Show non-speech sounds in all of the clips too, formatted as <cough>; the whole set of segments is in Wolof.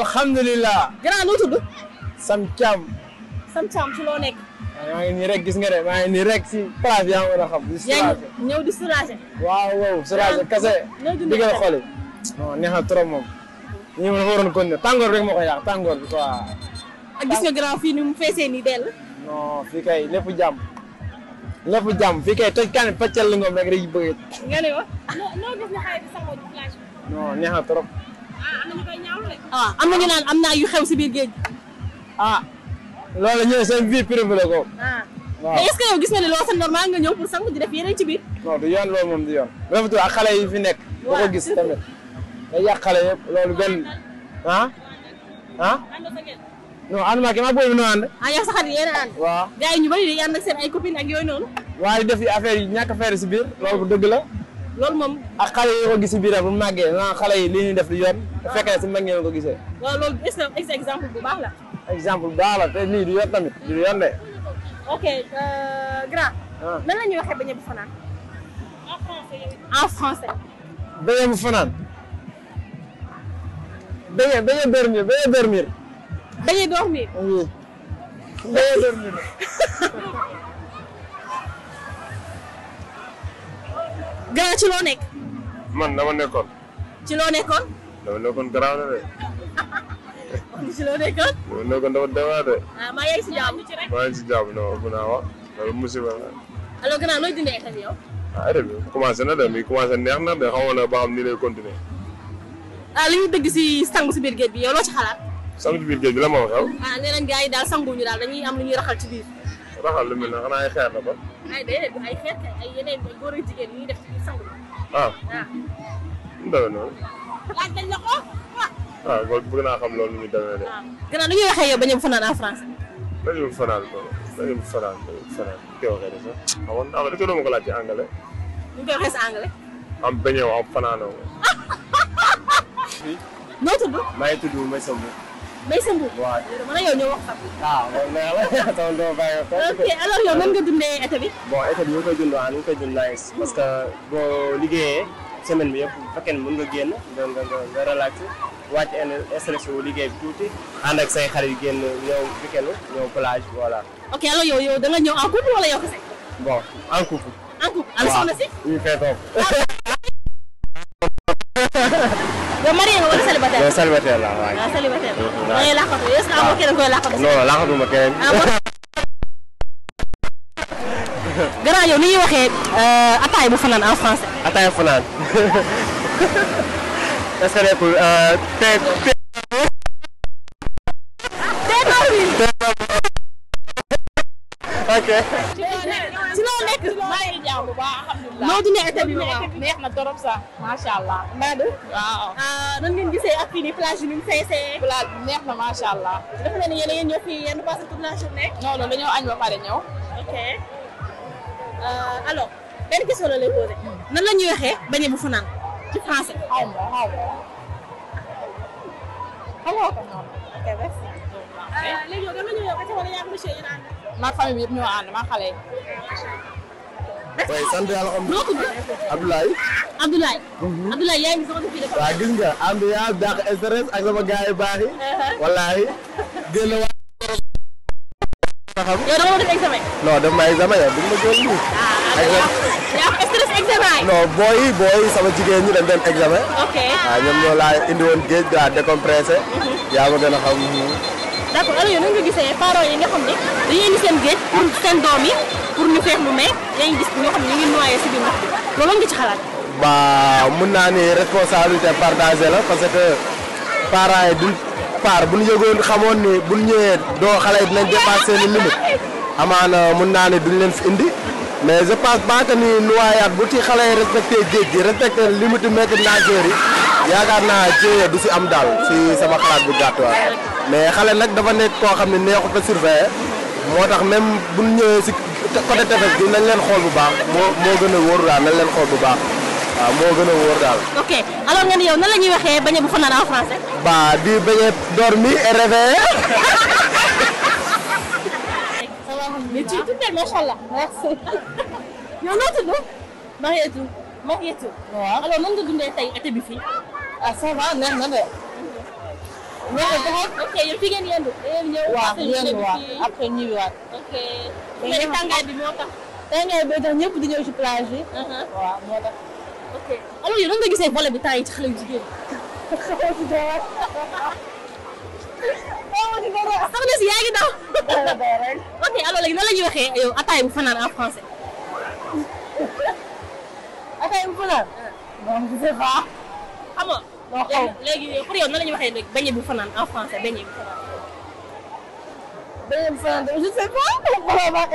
alhamdulilah. grand noo tudd. Sam Thiam. Sam Thiam ci loo nekk. maa ngi nii rek gis nga de maa ngi nii rek si place yaa ngi a xam. di soulager ñëw di soulager. waaw waaw soulager kase. di nga xooli. non neex na trop moom. ñi ma waroon continuer tàngoor rek moo koy yàq tàngoor bi quoi. ak gis nga grand fii ni mu feesee nii dell. non fii kay lépp jàmm. lépp jàmm fii kay toj kaan pàccal ngoom rek rek bëgg. nga ne wa. non gis nga xale bi sax moo di plage. neex na trop. ah am na ñu naan am naa yu xew si biir géej gi. ah loolu ñu ne seen vie privée la ko. Ah. waaw est-ce que yow gis nga ne loolu sax normal nga ñëw pour sangu di def yeneen ci biir. non du yoon loolu moom du yoon. rafetlu ak xale yi fi nekk. boo ko gis tamit day yàq xale yëpp loolu benn ah ah. non ànd maa kii maa boobu noonu ànd. ah yow sax yéen a ànd. waaw gars yi ñu bëri di ànd ak seen ay copines ak yooyu noonu. waaye def yi affaire yi ñàkk affaire yi si biir loolu dëgg la. loolu moom ak xale yi nga ko gis biiram bu màggee naa xale yi li ñuy def di yoon te fekk na si mag ngeen ko gisee waaw bu baax la bu baax te lii du yoon tamit ok euh, grand ah. nan la ñuy beñe bu fanaan en français beñe bu fanaan beñe dormir <laughs> grand ci loo nekk. man dama nekkoon. ci loo nekkoon. dama nekkoon grand de. <laughs> ci de. Ah, maa ngi si jàmm maa ngi si jàmm non bu naa wax loolu musiba la. alors grand looy dundee ak yow. ah RIP commencé na de mi commencé neex na de xamoon na ba xam ni lay continuer. ah li ñu dëgg si sangu si biir géej bi yow loo ci xalaat. sangu si biir géej bi ah, raxal ci baxal lu mel ne xanaa ay xeer la ba. ay déedéet du ay xeer kay ah. ah, naa xam loolu nu muy demee de. waaw ah. gannaaw nu ñuy waxee fanaan en France. ba ñëw fanaan loolu ba ñëw fanaan ba ñëw fanaan bu koy waxee de sax am bañ am fanaanoo. <laughs> noo tudd. maa ngi tudd Mbaye Samb. Mbaye Mbour. waaw mën yow ñoo wax xam. ah loolu nee na tontu bàyyi ko. ok alors yow nan nga dundee été bi. bon été bi ñu ngi koy dund waaw ñu ngi koy dund nice parce que boo liggéeyee semaine bi yëpp bu fekkee ne mën nga génn nga nga nga relaxé wàcc stressé wu liggéey bi tuuti ànd ak say xarit génn ñëw weekend ñëw plage voilà. ok alors yow yow da nga ñëw en couple wala yow kese. bon en couple. en couple alors soxna si. ñu ngi fay toog. <laughs> yow marié nga wala célibataire. non célibataire la waaye. waaw ah, célibataire la da ngay làqatu est-ce que amoo keneen koy làqatu. non làqatu ma keneen. Ah, grand yow ni ñuy waxee euh, ataay bu fanaan en français. ataay fanaan <laughs> est-ce que nekkul euh, te. ok. si loo nekk maa ngi jàmm bu baax alhamdulilah. noo neex na torop sax macha allah. mbaa de waaw. Ah, nan ngeen gisee ak fii nii plage yi ni mu feesee. plage bi na macha allah. dafa ne ni yéen a yéen ñëw fii yéen passé la journée. non non dañoo añ ba pare ñëw. ok euh, alors benn question la lay posé. nan la ñuy waxee bañ bu fanaan ci français. xaw ma xaw ma. xamoo ko noonu. ok merci. Euh, léegi yow ca wala yaa ngi monsieur yi naan. maag famille bi yëpp ñoo ànd maa xale yi. oui sant yàlla xam nga Abdoulaye. Abdoulaye. Mhm. Uh-huh. examen. non dama examen yow ah, ah, dama jël ah stress examen yi. non booy booy sama jigéen ñi dañ doon examen. ok waaw ah, ñoom ñoo indi woon géej gaa décompressé. Mhm. yaa ma gën a xam. d' accord alors yow nga gisee parents yi nga xam ne dañuy indi seen géej pour seen doom yi pour ñu feex lu mais yaa ngi gis ñoo xam ne ñu ngi noyé si biir ndox bi loolu ci xalaat. ba mun naa ni responsabilité partagée la parce que parents yi duñ par bu ñu yëgoon xamoon ni bu ñu ñëwee doo xale yi dinañ dépassé seen i limite mun naa ne duñu leen fi indi mais je pense pas que ni noyade bu ci xale yi respecté géej gi respecté limite mètre nageur yi yaakaar naa jéeya du am daal sama xalaat bu mais xale nag dafa nekk koo xam ne neexut a surveiller moo tax même bu ñu ñëwee si côté tefes gi nañ leen xool bu baax moo moo gën a wóor daal nañ leen xool bu baax waaw moo gën a wóor daal. ok alors nga ni yow nan la ñuy waxee bañe bu fanaan en français. bah di bañe dormi et réveillé. <laughs> mais tu es belle macha allah waaw alors nan nga dundee tey été bi fii. Ah, Ah, ok yow fi ngeen yendu. Eh, ñëw waaw yendu waaw après ñibbiwaat. ok léegi tàngaay bi moo tax. tàngaay bi tax ñëpp di ñëw ci plage bi. Uh-huh. waaw moo tax. ok alors yow nan nga gisee volet bi temps yi ci xale yu jigéen soxna si yaa ngi daw. ok alors léegi nan la ñuy waxee yow ataay bu fanaan en français. ataay bu fanaan. non uh. je sais pas. moo xaw léegi pour yow nan la ñuy waxee léegi beignet bu fanaan en se beignet bu fanaan. beignet bu fanaan je sais pas.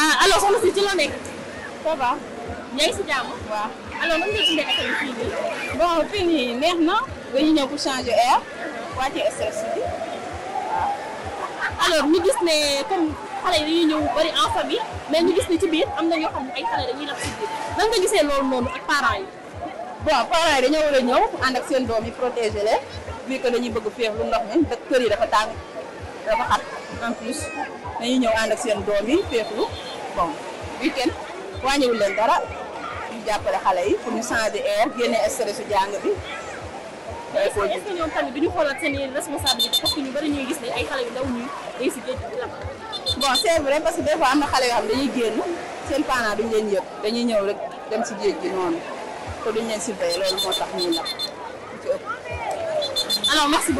ah alors soxna si ci la nekk. ça va. yaa ngi si jàmm. waaw alors nan nga dundee affaire bi fii nii. bon fii nii neex na. dañuy ñëw pour changer air. wàccee stress bi waaw. alors ñu gis ne comme. xale yi dañuy ñëw bëri en famille mais ñu gis ni ci biir am na ñoo xam ne ay xale dañuy gisee loolu noonu ak parents yi. bon parents yi seen doom yi protéger leen vu que dañuy bëgg féex lu ndox mi te kër yi dafa tàng dafa xat en ñëw ànd seen doom yi féexlu bon weekend wàññiwul leen dara ñu jàppale xale yi pour ñu changer air génne su jàng bi. est ce que ñoom tamit du ñu xoolaat seen i ñu gis ne ay xale yu ndaw day si géej gi bon c'est parce que des fois am na xale yoo xam dañuy génn seen parents duñ leen yëg dañuy ñëw rek dem si géej gi noonu te duñ leen surveiller loolu moo tax ñuy napp ci ëpp. alors merci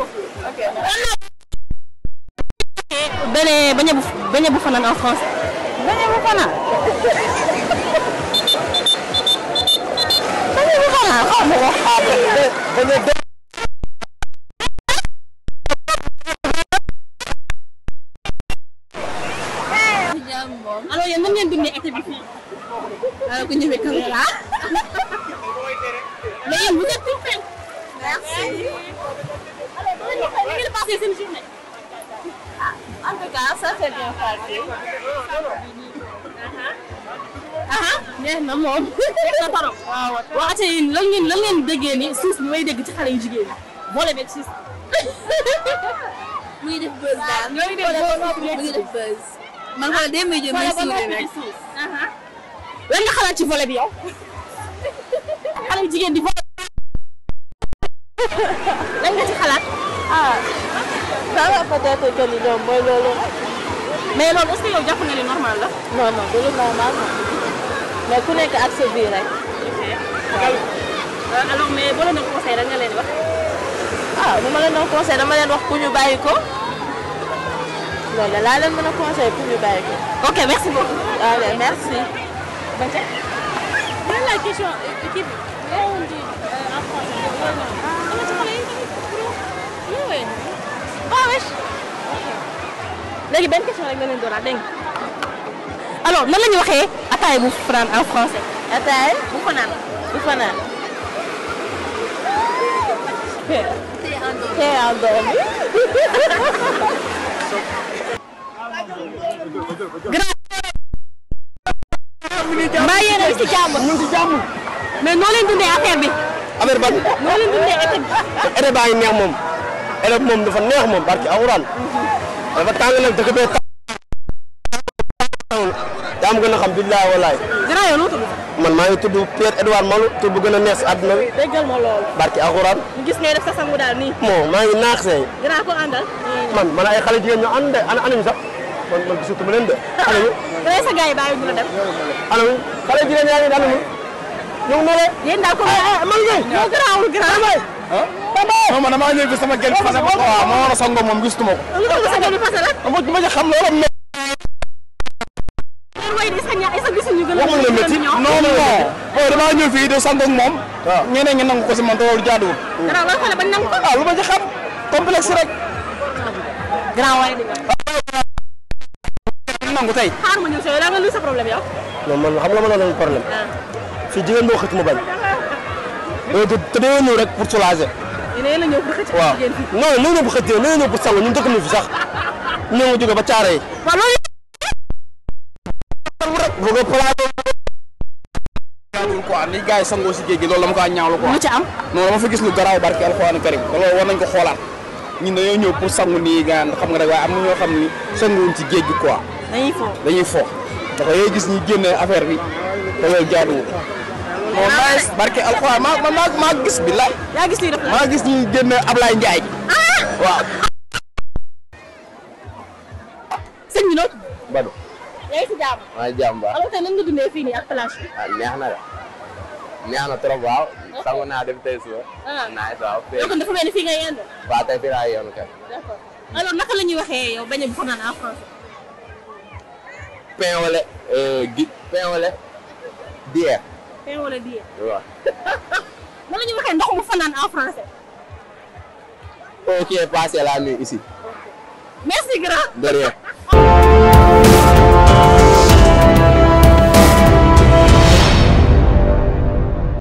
fanaan en France. bañ a fanaan. bañ fanaan xaw dundee été bi fii dara ko ñëwee Kaolack mais yéen neex na moom neex na trop waaw waxate yi lan ngeen lan ngeen déggee ni suuf bi ci xale yu jigéen ñi boole beeg suuf <laughs> muy def buzz daal muy def buzz man wala day may jëm may siiwee uh-huh. nga xalaat ci volet bi yow. xale jigéen di volet. lan nga ci xalaat. ah loolu. mais loolu est-ce jàpp nga ni normal la. non non du lu normal mais ku nekk ak sa rek. Euh, mais boo leen doon conseil rek leen wax. ah bu ma leen doon conseil dama leen wax ku ñu bàyyi ko. loolu laa leen mën a conseillé pour ñu bàyyi ko. ok merci beaucoup. waaw merci. ba tey. lan la question kii bi. loolu di en français loolu noonu. am na ci xale yi tamit pour ñu wéy. waaw wesh. léegi benn question rek nga leen doon dégg nga. alors nan la ñu waxee ataay bu fanaan en français. ataay bu fanaan. bu fanaan. tey en doom bi. tey en doom bi. mbaa yéen a ngi si jàmm. bi. affaire ban. noo leen dundee été bi. te été baa neex moom. été bi moom dafa neex moom barki awuraan. dafa tàng nag dëkk bee tàng. yaa ma gën a xam man maa ngi tudd Pierre Edouard Malou gën a neex si àdduna bi. déggal ma lool. barki awuraan. gis naax see. man man ay xale jigéen ñoo ànd de ana ñu sax. man man gisutuma leen de. xale yi yooyu sa gars yi bàyyi ñu la dem. xale yi xale yi jigéen yaa ngi daal ñu ngi noonu. yéen daal comme man ngay. ñoo garaawul garaawul. ko ma war a sangoo moom gisutuma ko. lu tax sa gel bi fas rek. ma ci xam loolu mais. waxuñu la métti non non damaa ñëw fii de sant ak moom. waaw ah. ñeneen ñi nangu ko si man te loolu jaaduwul. garaaw loo xam ma ci xam complexe rek. nangu tey. xaar ma ñëw sa yow daa ma doon problème. Ah. fii jigéen boo xëcc ma bañ. <laughs> Euh, te dañoo ñëw rek na ñëw pour xëcc waaw non non bu xëccee nee na ñëw pour sangu ñun dëkk ñu fi sax ñoo a plateau. quoi ni gars yi sangoo si géej gi loolu dama kaa ñaawlu quoi. lu ci am non dama fa gis lu garaaw barke alxuraan karim loolu war nañ ko xoolaat ñun dañoo ñëw pour sangu nii xam nga rek am na ñoo xam ni sanguwuñ ci géej gi quoi. dañuy fo dañuy fo ndax yooyu gis ñi génnee affaire bi te loolu jaaduwul. moom maa ngi gis bi yaa gis lii maa gis ñi génne ah! waaw. sëñ bi noonu. Badou. yaa ah, na de neex na ah. naa dem tey suba. naaj waaw. kon waaw fii naka la waxee yow bañ a bu ko naan en pain au lait euh, gi pain au lait bière. waaw. nan la ñuy waxee ndox mu en français. ok passez la nuit ici. Okay. grand. de <laughs>